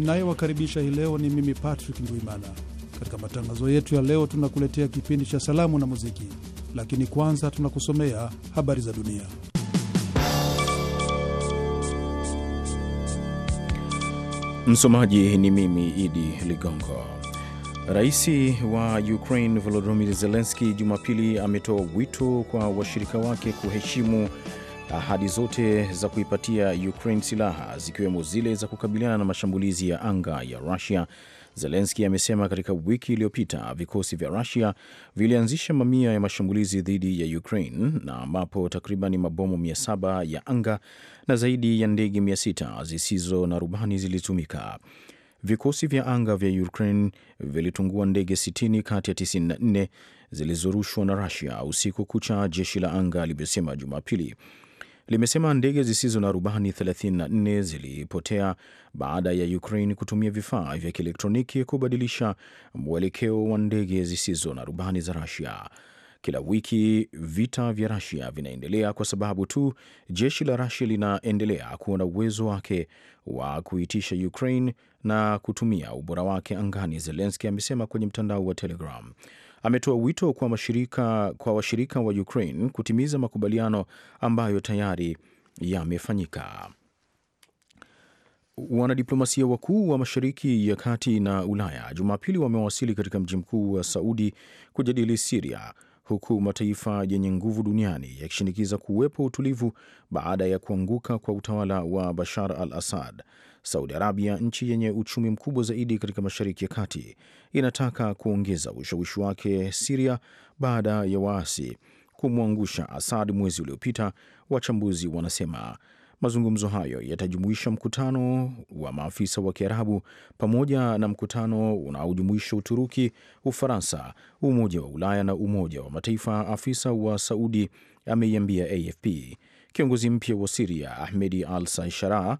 ninayewakaribisha hii leo ni mimi Patrick Ndwimana. Katika matangazo yetu ya leo, tunakuletea kipindi cha salamu na muziki, lakini kwanza tunakusomea habari za dunia. Msomaji ni mimi Idi Ligongo. Rais wa Ukraine Volodymyr Zelensky Jumapili ametoa wito kwa washirika wake kuheshimu ahadi zote za kuipatia Ukraine silaha zikiwemo zile za kukabiliana na mashambulizi ya anga ya Rusia. Zelenski amesema katika wiki iliyopita vikosi vya Rusia vilianzisha mamia ya mashambulizi dhidi ya Ukraine na ambapo takriban mabomu 700 ya anga na zaidi ya ndege 600 zisizo na rubani zilitumika. Vikosi vya anga vya Ukraine vilitungua ndege 60 kati ya 94 zilizorushwa na rasia usiku kucha, jeshi la anga limesema Jumapili limesema ndege zisizo na rubani 34 zilipotea baada ya Ukraine kutumia vifaa vya kielektroniki kubadilisha mwelekeo wa ndege zisizo na rubani za rasia Kila wiki vita vya rasia vinaendelea kwa sababu tu jeshi la rasia linaendelea kuwa na uwezo wake wa kuitisha Ukraine na kutumia ubora wake angani, Zelenski amesema kwenye mtandao wa Telegram ametoa wito kwa mashirika, kwa washirika wa Ukraine kutimiza makubaliano ambayo tayari yamefanyika. Wanadiplomasia wakuu wa Mashariki ya Kati na Ulaya Jumapili wamewasili katika mji mkuu wa Saudi kujadili Siria huku mataifa yenye nguvu duniani yakishinikiza kuwepo utulivu baada ya kuanguka kwa utawala wa Bashar al-Assad. Saudi Arabia, nchi yenye uchumi mkubwa zaidi katika Mashariki ya Kati, inataka kuongeza ushawishi wake Siria baada ya waasi kumwangusha Asad mwezi uliopita, wachambuzi wanasema. Mazungumzo hayo yatajumuisha mkutano wa maafisa wa Kiarabu pamoja na mkutano unaojumuisha Uturuki, Ufaransa, Umoja wa Ulaya na Umoja wa Mataifa, afisa wa Saudi ameiambia AFP. Kiongozi mpya wa Siria Ahmedi Al Saishara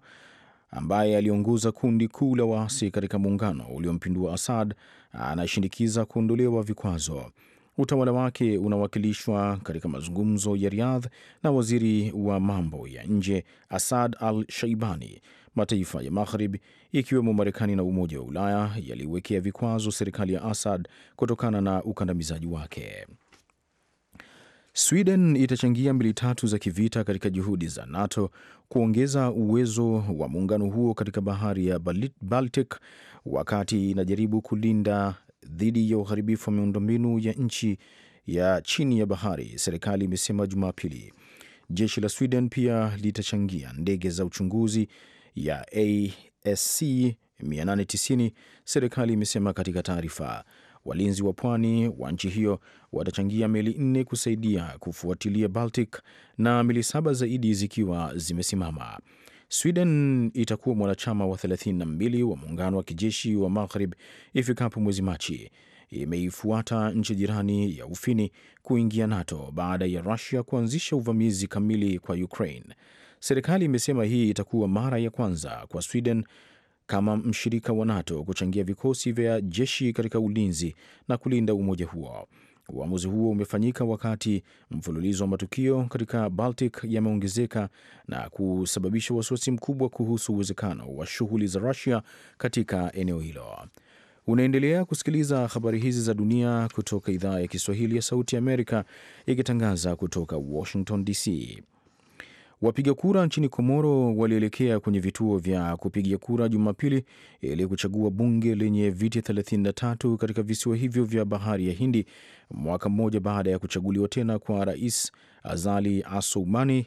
ambaye aliongoza kundi kuu la waasi katika muungano uliompindua Assad anashinikiza kuondolewa vikwazo. Utawala wake unawakilishwa katika mazungumzo ya Riyadh na waziri wa mambo ya nje Asad al Shaibani. Mataifa ya Maghrib ikiwemo Marekani na Umoja wa Ulaya yaliwekea vikwazo serikali ya Assad kutokana na ukandamizaji wake. Sweden itachangia mbili tatu za kivita katika juhudi za NATO kuongeza uwezo wa muungano huo katika bahari ya Baltic wakati inajaribu kulinda dhidi ya uharibifu wa miundombinu ya nchi ya chini ya bahari, serikali imesema Jumapili. Jeshi la Sweden pia litachangia ndege za uchunguzi ya ASC 890, serikali imesema katika taarifa. Walinzi wa pwani wa nchi hiyo watachangia meli nne kusaidia kufuatilia Baltic na meli saba zaidi zikiwa zimesimama. Sweden itakuwa mwanachama wa 32 wa muungano wa kijeshi wa Maghrib ifikapo mwezi Machi. Imeifuata nchi jirani ya Ufini kuingia NATO baada ya Rusia kuanzisha uvamizi kamili kwa Ukraine. Serikali imesema hii itakuwa mara ya kwanza kwa Sweden kama mshirika wa NATO kuchangia vikosi vya jeshi katika ulinzi na kulinda umoja huo. Uamuzi huo umefanyika wakati mfululizo wa matukio katika Baltic yameongezeka na kusababisha wasiwasi mkubwa kuhusu uwezekano wa shughuli za Rusia katika eneo hilo. Unaendelea kusikiliza habari hizi za dunia kutoka idhaa ya Kiswahili ya Sauti ya Amerika, ikitangaza kutoka Washington DC. Wapiga kura nchini Komoro walielekea kwenye vituo vya kupiga kura Jumapili ili kuchagua bunge lenye viti 33 katika visiwa hivyo vya bahari ya Hindi, mwaka mmoja baada ya kuchaguliwa tena kwa Rais Azali Assoumani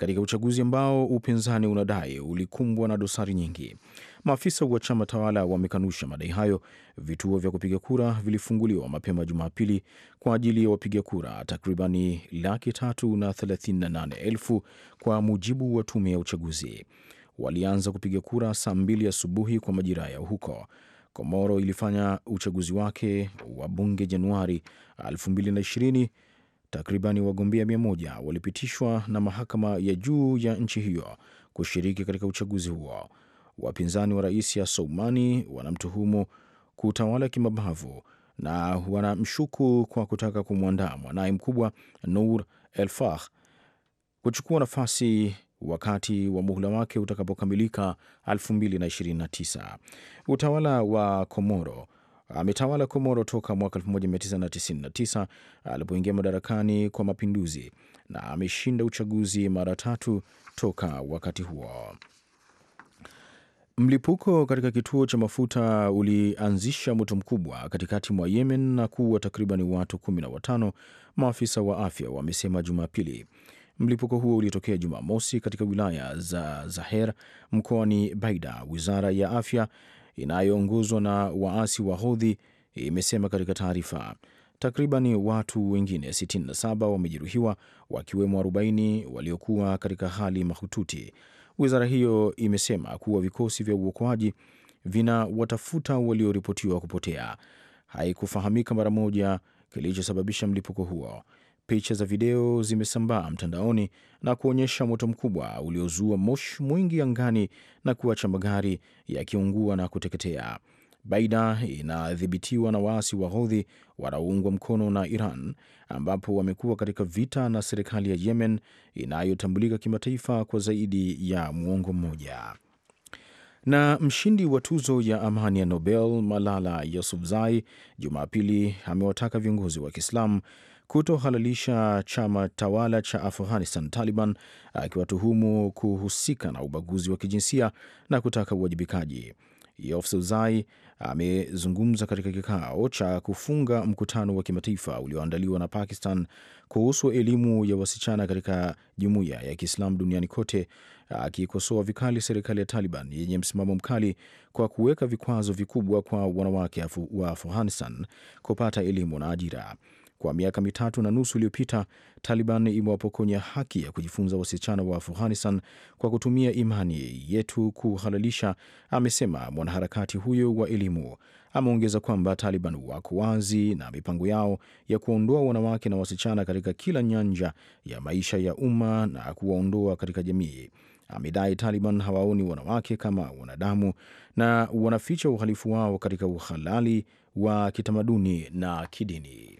katika uchaguzi ambao upinzani unadai ulikumbwa na dosari nyingi. Maafisa wa chama tawala wamekanusha madai hayo. Vituo vya kupiga kura vilifunguliwa mapema Jumapili kwa ajili ya wapiga kura takribani laki tatu na thelathini na nane elfu kwa mujibu wa tume ya uchaguzi. Walianza kupiga kura saa mbili asubuhi kwa majira ya huko. Komoro ilifanya uchaguzi wake wa bunge Januari 2020 Takribani wagombea mia moja walipitishwa na mahakama ya juu ya nchi hiyo kushiriki katika uchaguzi huo. Wapinzani wa rais ya Soumani wanamtuhumu kutawala kimabavu na wanamshuku kwa kutaka kumwandaa mwanaye mkubwa nur elfah kuchukua nafasi wakati wa muhula wake utakapokamilika 2029. Utawala wa Komoro ametawala Komoro toka mwaka 1999 alipoingia madarakani kwa mapinduzi na ameshinda uchaguzi mara tatu toka wakati huo. Mlipuko katika kituo cha mafuta ulianzisha moto mkubwa katikati mwa Yemen na kuua takriban watu 15, maafisa wa afya wamesema Jumapili. Mlipuko huo ulitokea Jumamosi katika wilaya za Zaher mkoani Baida. Wizara ya afya inayoongozwa na waasi wa Hodhi imesema katika taarifa. Takriban watu wengine 67 wamejeruhiwa wakiwemo 40 waliokuwa katika hali mahututi. Wizara hiyo imesema kuwa vikosi vya uokoaji vinawatafuta walioripotiwa kupotea. Haikufahamika mara moja kilichosababisha mlipuko huo. Picha za video zimesambaa mtandaoni na kuonyesha moto mkubwa uliozua moshi mwingi angani na kuacha magari yakiungua na kuteketea. Baida inadhibitiwa na waasi wa Houthi wanaoungwa mkono na Iran, ambapo wamekuwa katika vita na serikali ya Yemen inayotambulika kimataifa kwa zaidi ya muongo mmoja. Na mshindi wa tuzo ya amani ya Nobel Malala Yousafzai Jumapili amewataka viongozi wa Kiislamu kutohalalisha chama tawala cha Afghanistan Taliban, akiwatuhumu kuhusika na ubaguzi wa kijinsia na kutaka uwajibikaji. Yousafzai amezungumza katika kikao cha kufunga mkutano wa kimataifa ulioandaliwa na Pakistan kuhusu elimu ya wasichana katika jumuiya ya Kiislamu duniani kote, akikosoa vikali serikali ya Taliban yenye msimamo mkali kwa kuweka vikwazo vikubwa kwa wanawake wa Afghanistan kupata elimu na ajira. Kwa miaka mitatu na nusu iliyopita, Taliban imewapokonya haki ya kujifunza wasichana wa Afghanistan kwa kutumia imani yetu kuhalalisha, amesema mwanaharakati huyo wa elimu. Ameongeza kwamba Taliban wako wazi na mipango yao ya kuwaondoa wanawake na wasichana katika kila nyanja ya maisha ya umma na kuwaondoa katika jamii. Amedai Taliban hawaoni wanawake kama wanadamu na wanaficha uhalifu wao katika uhalali wa kitamaduni na kidini.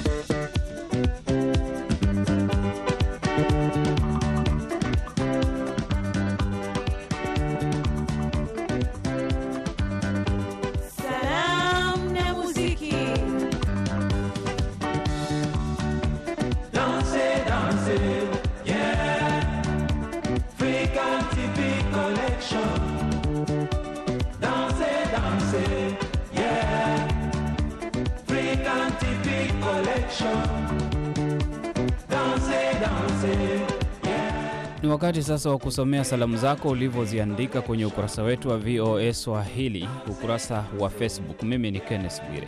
wakati sasa wa kusomea salamu zako ulivyoziandika kwenye ukurasa wetu wa VOA Swahili, ukurasa wa Facebook. Mimi ni Kenneth Bwire.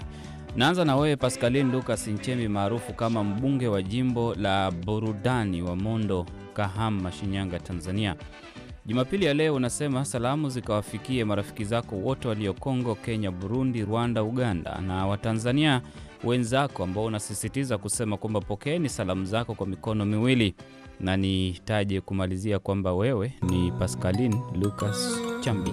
Naanza na wewe Pascaline Lucas Nchembi, maarufu kama mbunge wa jimbo la burudani wa Mondo, Kahama, Shinyanga, Tanzania. Jumapili ya leo unasema salamu zikawafikie marafiki zako wote walio Kongo, Kenya, Burundi, Rwanda, Uganda na Watanzania wenzako ambao unasisitiza kusema kwamba pokeeni salamu zako kwa mikono miwili na nitaje kumalizia kwamba wewe ni pascalin Lucas Chambi.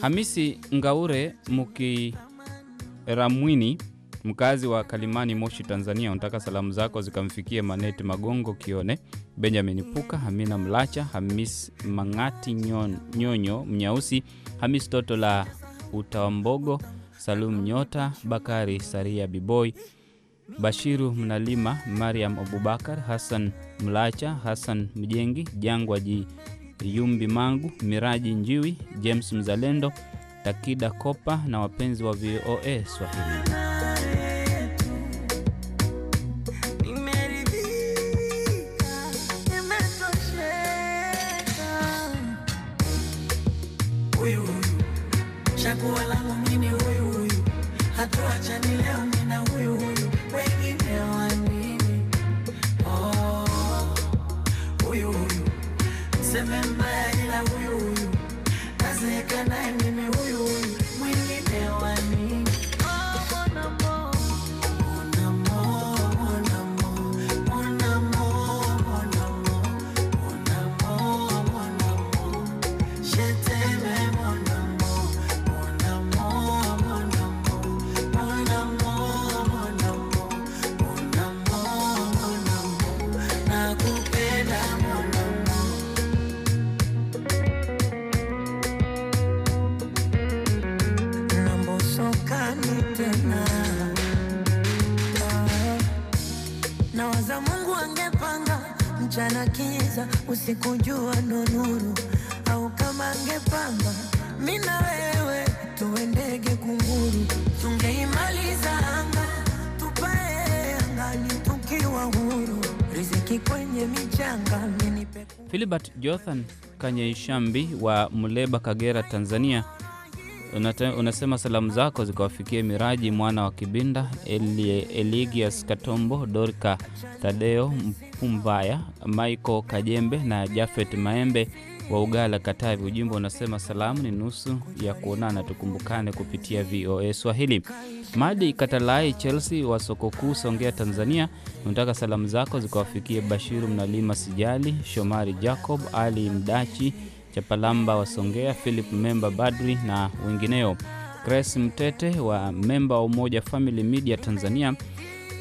Hamisi Ngaure Mukiramwini, mkazi wa Kalimani, Moshi, Tanzania, unataka salamu zako zikamfikie Maneti Magongo Kione, Benjamin Puka, Hamina Mlacha, Hamis Mangati Nyon, Nyonyo Mnyausi, Hamis Toto la Utawambogo, Salum Nyota, Bakari Saria Biboy, Bashiru Mnalima, Mariam Abubakar, hasan Mlacha, hasan Mjengi, Jangwa Ji Yumbi Mangu, Miraji Njiwi, James Mzalendo, Takida Kopa na wapenzi wa VOA Swahili. mchana kiza, usikujua ndo nuru. Au kama angepamba mi na wewe tuwe ndege kunguru, tungeimaliza anga tupae angani tukiwa huru, riziki kwenye michanga. philibert jothan Kanyeishambi wa Muleba, Kagera, Tanzania unasema salamu zako zikawafikia Miraji mwana wa Kibinda, Eligias Katombo, Dorka Tadeo Mpumbaya, Michael Kajembe na Jafet Maembe wa Ugala Katavi. Ujumbe unasema salamu ni nusu ya kuonana, tukumbukane kupitia VOA Swahili. Madi Katalai Chelsea wa soko kuu Songea, Tanzania, unataka salamu zako zikawafikia Bashiru Mnalima, Sijali Shomari, Jacob Ali Mdachi Chapalamba wa Songea, Philip Memba Badri na wengineo. Grace Mtete wa memba wa Umoja Family Media Tanzania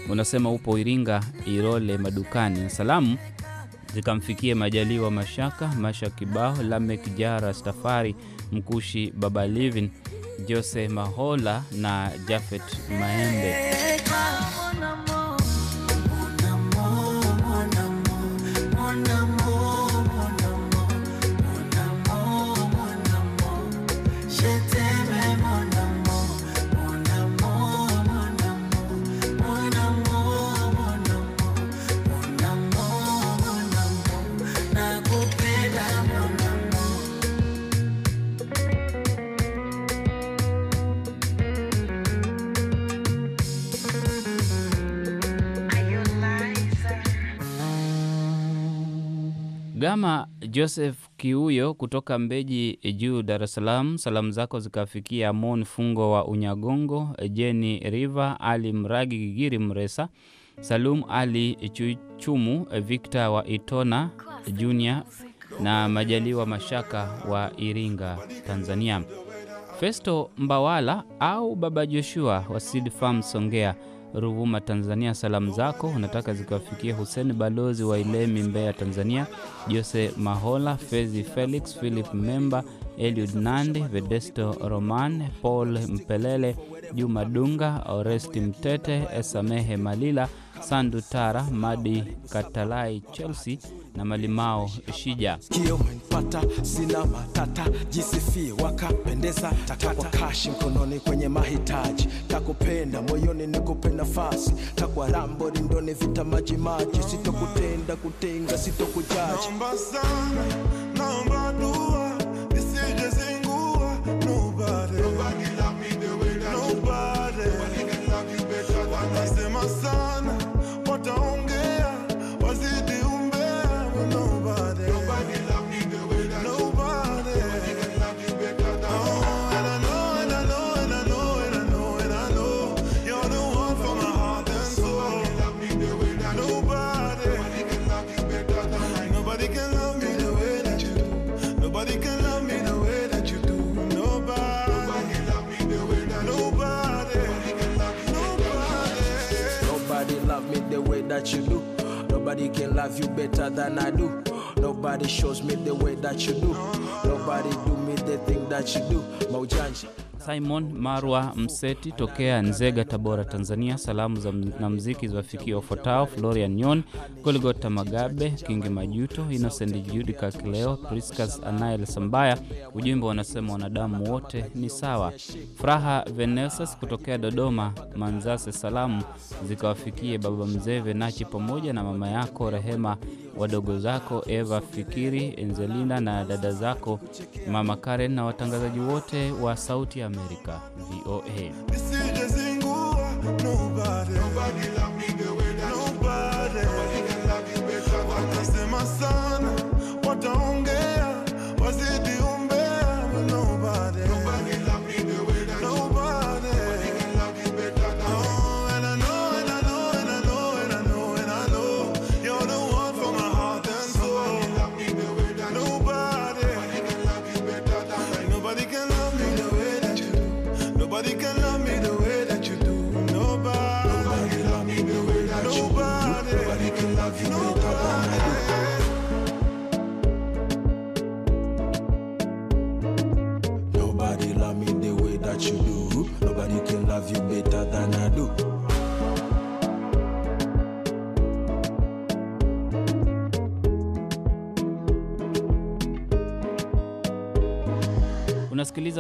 unasema upo Iringa Irole madukani. Salamu zikamfikie Majaliwa Mashaka, Masha Kibao, Lamek Jara, Stafari Mkushi, Baba Livin, Jose Mahola na Jafet Maembe. Gama Joseph Kiuyo kutoka Mbeji Juu, Dar es Salaam, salamu zako zikafikia Mon Fungo wa Unyagongo, Jeni River, Ali Mragi Gigiri Mresa, Salum Ali Chuchumu, Victor wa Itona Junior na Majaliwa Mashaka wa Iringa, Tanzania. Festo Mbawala au Baba Joshua wa Seed Farm Songea Ruvuma, Tanzania. Salamu zako unataka zikawafikia Hussein balozi wa Ilemi, Mbeya, Tanzania, Jose Mahola, Fezi Felix, Philip Memba, Eliud Nandi, Vedesto Roman, Paul Mpelele, Juma Dunga, Oresti Mtete, Esamehe Malila, Sandu Tara, Madi Katalai, Chelsea na Malimao Shija. Menipata sina matata, jisifie wakapendeza, takwa kashi mkononi kwenye mahitaji, takupenda moyoni, nikupe nafasi, takwa rambo rindoni, vita maji maji, sitokutenda kutenga, sitokujaji, naomba sana, naomba dua love you better than I do. Nobody shows me the way that you do. Nobody do me the thing that you do. Mojanja. Simon Marwa Mseti tokea Nzega, Tabora, Tanzania. Salamu za na mziki ziwafikia wafuatao: Florian Nyon, Golgota Magabe, Kingi Majuto, Innocent Judika Kileo, Priscas Anael Sambaya. Ujumbe wanasema wanadamu wote ni sawa. Furaha Venesas kutokea Dodoma, Manzase, salamu zikawafikie baba mzee Venachi pamoja na mama yako Rehema wadogo zako Eva Fikiri, Enzelina na dada zako Mama Karen na watangazaji wote wa Sauti ya Amerika VOA. Avec you.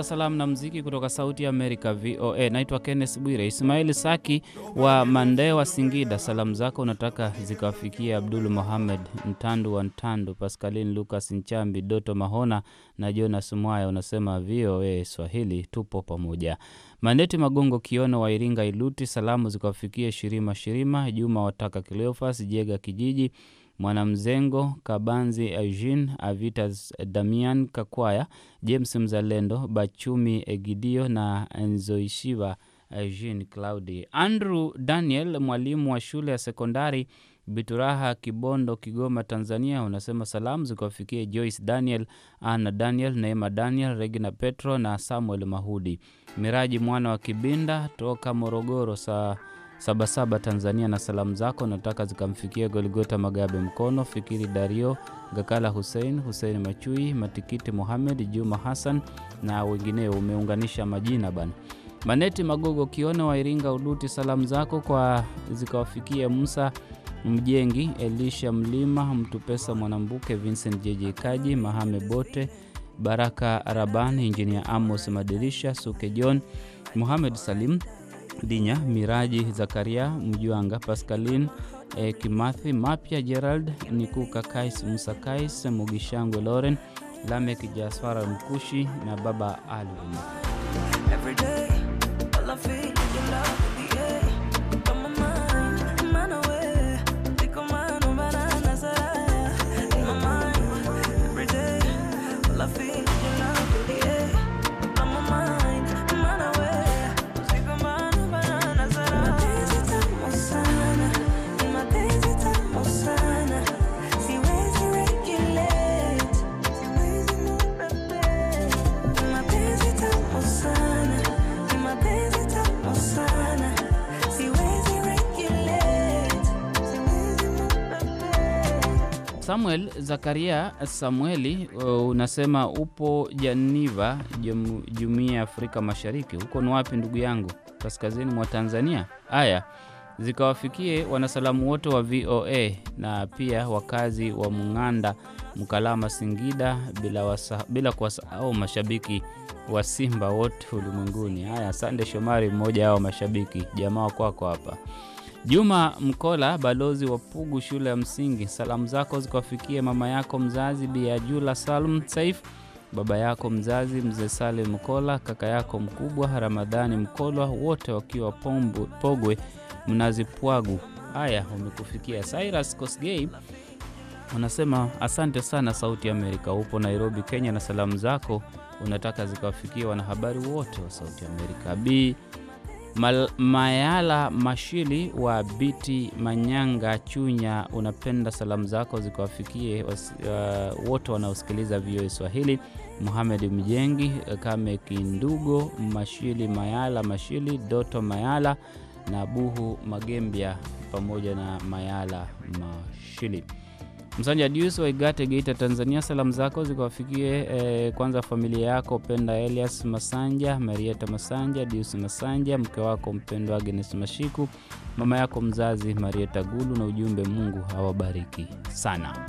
salamu na mziki kutoka Sauti ya Amerika, VOA. Naitwa Kenneth Bwire. Ismaili Saki wa mandee wa Singida, salamu zako unataka zikawafikia Abdul Mohamed Ntandu wa Ntandu, paskalin lukas Nchambi, Doto Mahona na Jonas Mwaya. Unasema VOA Swahili tupo pamoja. Mandeti Magongo Kiono wa Iringa Iluti, salamu zikawafikia Shirima Shirima, Juma Wataka, kleofas Jega Kijiji Mwanamzengo Kabanzi Ajin, Avitas Damian Kakwaya James Mzalendo Bachumi Egidio na nzoishiva Eugene Claudi Andrew Daniel mwalimu wa shule ya sekondari Bituraha, Kibondo, Kigoma, Tanzania, unasema salamu zikawafikie Joyce Daniel, Ana Daniel, Neema Daniel, Regina Petro na Samuel Mahudi. Miraji mwana wa Kibinda toka Morogoro saa Sabasaba Tanzania, na salamu zako nataka zikamfikia Goligota Magabe Mkono, Fikiri Dario, Gakala Hussein, Hussein Machui, Matikiti muhamed Juma Hassan na wengineo. Umeunganisha majina bana. Maneti Magogo Kione wa Iringa Uduti, salamu zako kwa zikawafikia Musa Mjengi, Elisha Mlima, Mtupesa Mwanambuke, Vincent JJ Kaji, Mahame Bote, Baraka Arabani, Injinia Amos Madirisha, Suke John, Muhamed Salim Dinya, Miraji Zakaria, Mjuanga, Pascalin e, Kimathi Mapya, Gerald Nikuka, Kais Musa, Kais Mugishangwe, Loren Lamek, Jaswara Mkushi na Baba Alvin. Samuel Zakaria Samueli uh, unasema upo Janiva, Jumuiya ya Afrika Mashariki. Huko ni wapi ndugu yangu? Kaskazini mwa Tanzania. Haya, zikawafikie wanasalamu wote wa VOA na pia wakazi wa Mng'anda, Mkalama, Singida, bila, wasa, bila kuwasahau mashabiki wa Simba wote ulimwenguni. Haya, sande Shomari, mmoja hao mashabiki jamaa kwako hapa kwa Juma Mkola, balozi wa Pugu shule ya msingi, salamu zako zikawafikie mama yako mzazi Bi Ajula Salum Saif, baba yako mzazi Mzee Salim Mkola, kaka yako mkubwa Ramadhani Mkolwa, wote wakiwa Pombu, Pogwe Mnazi Pwagu. Haya, umekufikia Cyrus Kosgei unasema asante sana Sauti ya Amerika. Upo Nairobi, Kenya, na salamu zako unataka zikawafikia wanahabari wote wa Sauti ya Amerika. Bi Mal, Mayala Mashili wa Biti Manyanga Chunya, unapenda salamu zako zikawafikie uh, wote wanaosikiliza VOA Swahili. Muhamed Mjengi, Kame Kindugo, Mashili Mayala Mashili, Doto Mayala na Buhu Magembya pamoja na Mayala Mashili. Msanja Dius wa Igate, Geita, Tanzania, salamu zako zikawafikie eh, kwanza familia yako Penda Elias Masanja, Marieta Masanja, Dius Masanja, mke wako mpendwa Agnes Mashiku, mama yako mzazi Marieta Gulu, na ujumbe Mungu awabariki sana.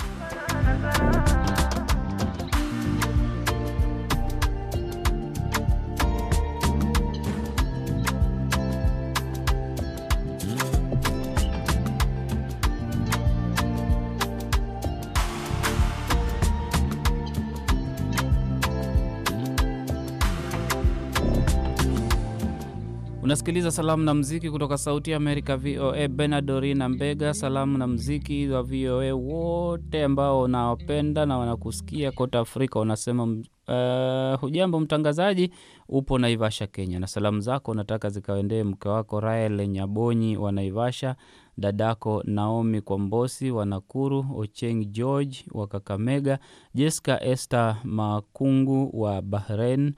unasikiliza salamu na mziki kutoka Sauti ya Amerika VOA. Benadori na Mbega, salamu na mziki wa VOA wote ambao unawapenda na wanakusikia kote Afrika. Unasema uh, hujambo mtangazaji, upo Naivasha Kenya, na salamu zako unataka zikaendee mke wako Rael Nyabonyi wa Naivasha, dadako Naomi Kwambosi wa Nakuru, Ocheng George wa Kakamega, Jessica este Makungu wa bahrein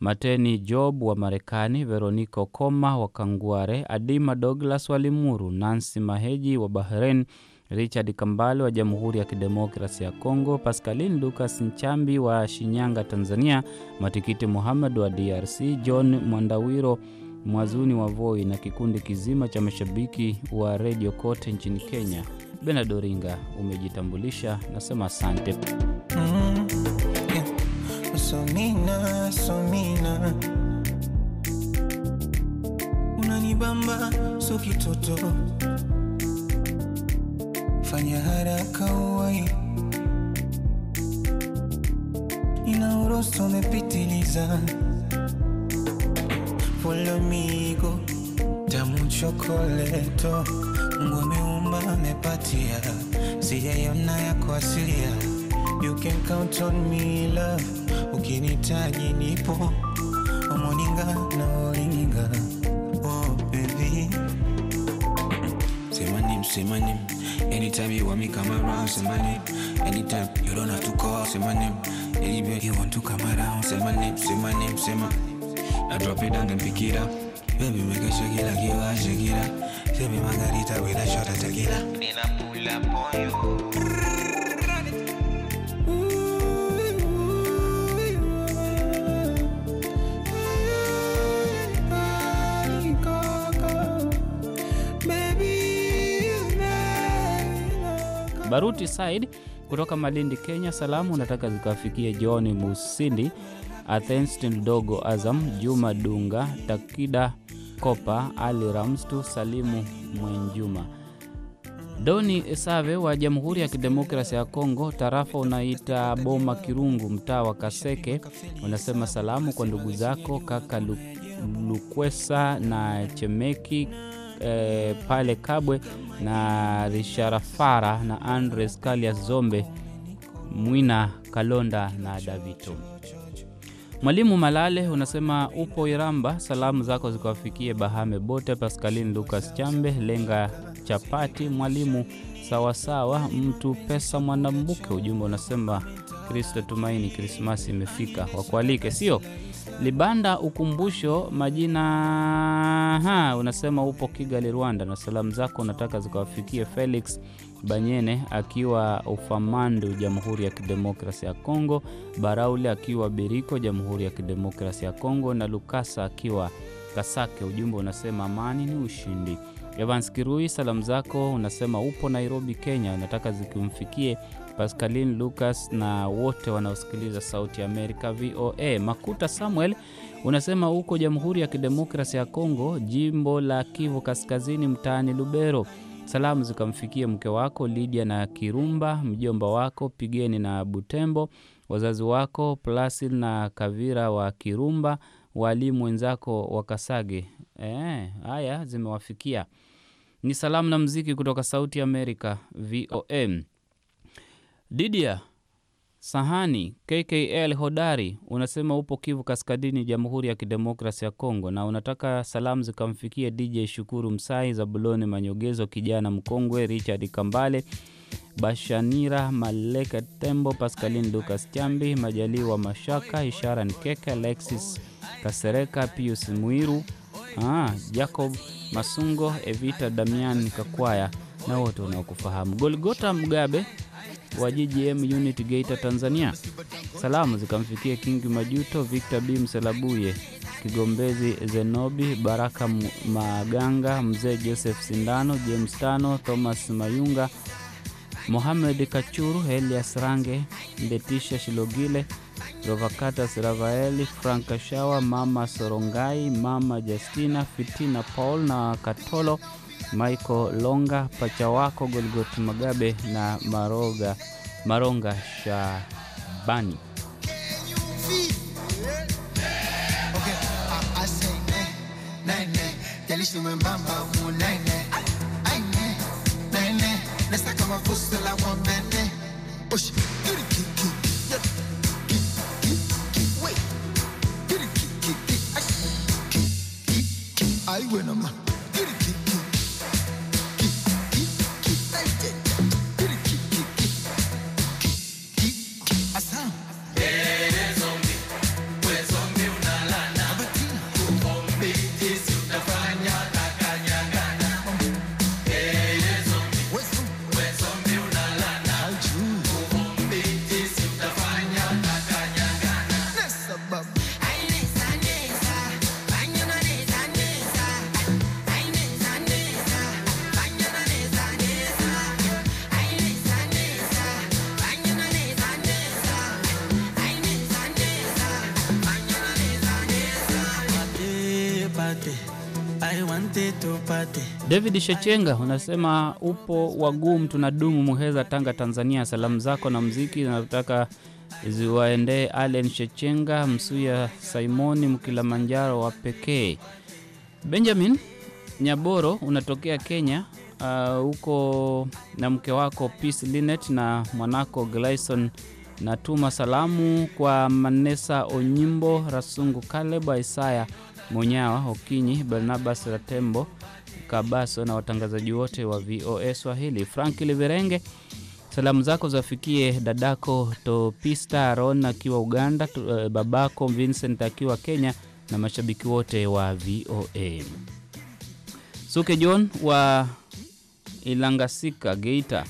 Mateni Job wa Marekani, veronico Koma wa Kangware, Adima Douglas wa Limuru, Nancy Maheji wa Bahrain, Richard Kambale wa Jamhuri ya Kidemokrasi ya Kongo, pascalin Lucas Nchambi wa Shinyanga, Tanzania, Matikiti Muhammad wa DRC, John Mwandawiro Mwazuni wa Voi na kikundi kizima cha mashabiki wa redio kote nchini Kenya. Benadoringa umejitambulisha, nasema asante. Somina, Somina, unanibamba so kitoto, fanya haraka uwai, inaoroso umepitiliza. Follow me go, tamu chokoleto, Mungu ameumba You can count on me love ukinitaji nipo omoninga na olinga oh baby say anytime you want me come around say anytime you don't have to call say my you want to come around say my name I drop it down then pick it up baby make it shake it like you are shake it up say margarita with a shot of tequila then pull up on you Baruti Said kutoka Malindi, Kenya. Salamu nataka zikawafikie johni Musindi, Athenstin Dogo, Azam Juma Dunga, Takida Kopa, Ali Ramstu, Salimu Mwenjuma, Doni Save wa Jamhuri ya Kidemokrasia ya Kongo, tarafa unaita Boma Kirungu, mtaa wa Kaseke. Unasema salamu kwa ndugu zako kaka Lukwesa na Chemeki eh, pale Kabwe na Risharafara na Andres Kalias Zombe, Mwina Kalonda na Davito. Mwalimu Malale unasema upo Iramba, salamu zako zikawafikie Bahame bote, paskalin lukas Chambe, Lenga Chapati, Mwalimu Sawasawa, Mtu Pesa Mwanambuke. Ujumbe unasema Kristo Tumaini, Krismasi imefika, wakualike sio Libanda ukumbusho majina. Ha, unasema upo Kigali, Rwanda, na salamu zako unataka zikawafikie Felix Banyene akiwa Ufamandu, Jamhuri ya Kidemokrasi ya Kongo, barauli akiwa Biriko, Jamhuri ya Kidemokrasi ya Kongo, na Lukasa akiwa Kasake. Ujumbe unasema amani ni ushindi. Evans Kirui, salamu zako unasema upo Nairobi, Kenya, unataka zikimfikie Pascalin Lucas na wote wanaosikiliza Sauti ya Amerika VOA. Makuta Samuel unasema huko Jamhuri ya Kidemokrasi ya Kongo, jimbo la Kivu Kaskazini, mtaani Lubero. Salamu zikamfikie mke wako lidia na Kirumba, mjomba wako Pigeni na Butembo, wazazi wako Plasil na Kavira wa Kirumba, walimu wenzako wa Kasage. E, haya zimewafikia. Ni salamu na mziki kutoka Sauti Amerika VOM. Didia Sahani KKL Hodari, unasema upo Kivu Kaskazini, Jamhuri ya Kidemokrasi ya Kongo, na unataka salamu zikamfikie DJ Shukuru Msai, Zabuloni Manyogezo, kijana mkongwe Richard Kambale, Bashanira Maleka Tembo, Pascalin Lucas Chambi, Majaliwa Mashaka, Ishara Nkeka, Alexis Kasereka, Pius Mwiru, ah, Jacob Masungo, Evita Damian Kakwaya na wote unaokufahamu. Golgota Mgabe wa GGM unit Geita, Tanzania. Salamu zikamfikia Kingi Majuto, Victor B Mselabuye, Kigombezi Zenobi, Baraka Maganga, Mzee Joseph Sindano, James Tano, Thomas Mayunga, Mohamed Kachuru, Elias Range, Mbetisha Shilogile, Rovakatas Ravaeli, Franka Shawa, Mama Sorongai, Mama Justina, Fitina Paul na Katolo Michael Longa, pacha wako Golgot Magabe na Maroga, Maronga Shabani. Okay, David Shechenga unasema upo wagumu, tunadumu Muheza, Tanga, Tanzania. Salamu zako na mziki nataka ziwaendee Allen Shechenga, Msuya Simoni Mkilimanjaro wa pekee, Benjamin Nyaboro unatokea Kenya huko, uh, na mke wako Peace Linet na mwanako Glyson. Natuma salamu kwa Manesa Onyimbo, Rasungu Kaleba, Isaya Munyawa, Okinyi, Barnabas Ratembo baso na watangazaji wote wa VOA Swahili. Frank Liverenge, salamu zako zafikie dadako Topista Aron akiwa Uganda, eh, babako Vincent akiwa Kenya na mashabiki wote wa VOA. Suke John wa Ilangasika, Geita,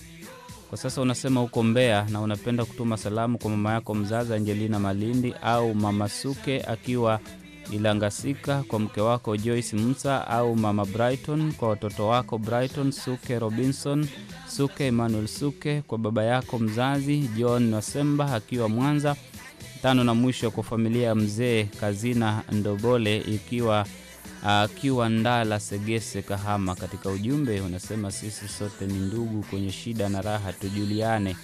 kwa sasa unasema uko Mbeya na unapenda kutuma salamu kwa mama yako mzazi Angelina Malindi au mama Suke akiwa Ilangasika kwa mke wako Joyce msa au mama Brighton, kwa watoto wako Brighton Suke, Robinson Suke, Emmanuel Suke, kwa baba yako mzazi John Nasemba akiwa Mwanza. Tano na mwisho kwa familia ya mzee Kazina Ndobole ikiwa akiwa uh, Ndala Segese, Kahama. Katika ujumbe unasema sisi sote ni ndugu, kwenye shida na raha tujuliane,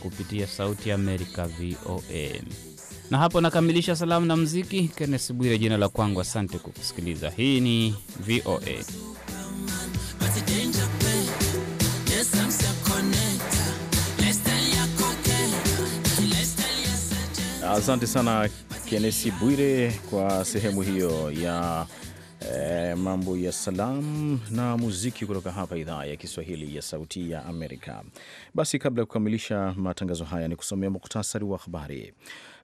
kupitia Sauti ya Amerika VOA. Na hapo nakamilisha salamu na mziki. Kennes Bwire jina la kwangu, asante kukusikiliza. Hii ni VOA Asante sana Kenesi Bwire kwa sehemu hiyo ya e, mambo ya salamu na muziki kutoka hapa idhaa ya Kiswahili ya Sauti ya Amerika. Basi kabla ya kukamilisha matangazo haya, ni kusomea muktasari wa habari.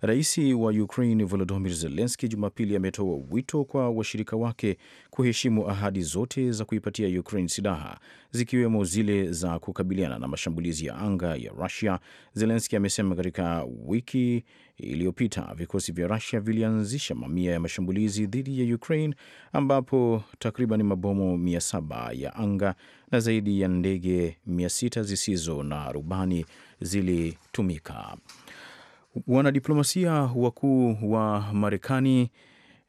Rais wa Ukraine Volodymyr Zelensky Jumapili ametoa wito kwa washirika wake kuheshimu ahadi zote za kuipatia Ukraine silaha zikiwemo zile za kukabiliana na mashambulizi ya anga ya Rusia. Zelensky amesema katika wiki iliyopita vikosi vya Rusia vilianzisha mamia ya mashambulizi dhidi ya Ukraine ambapo takriban mabomu 700 ya anga na zaidi ya ndege 600 zisizo na rubani zilitumika. Wanadiplomasia wakuu wa Marekani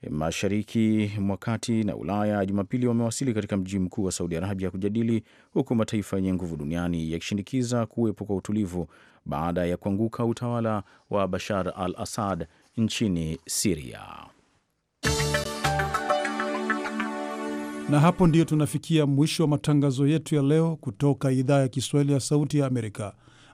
eh, mashariki mwa kati na Ulaya Jumapili wamewasili katika mji mkuu wa Saudi Arabia kujadili huku mataifa yenye nguvu duniani yakishinikiza kuwepo kwa utulivu baada ya kuanguka utawala wa Bashar al Assad nchini Siria. Na hapo ndiyo tunafikia mwisho wa matangazo yetu ya leo kutoka idhaa ya Kiswahili ya Sauti ya Amerika.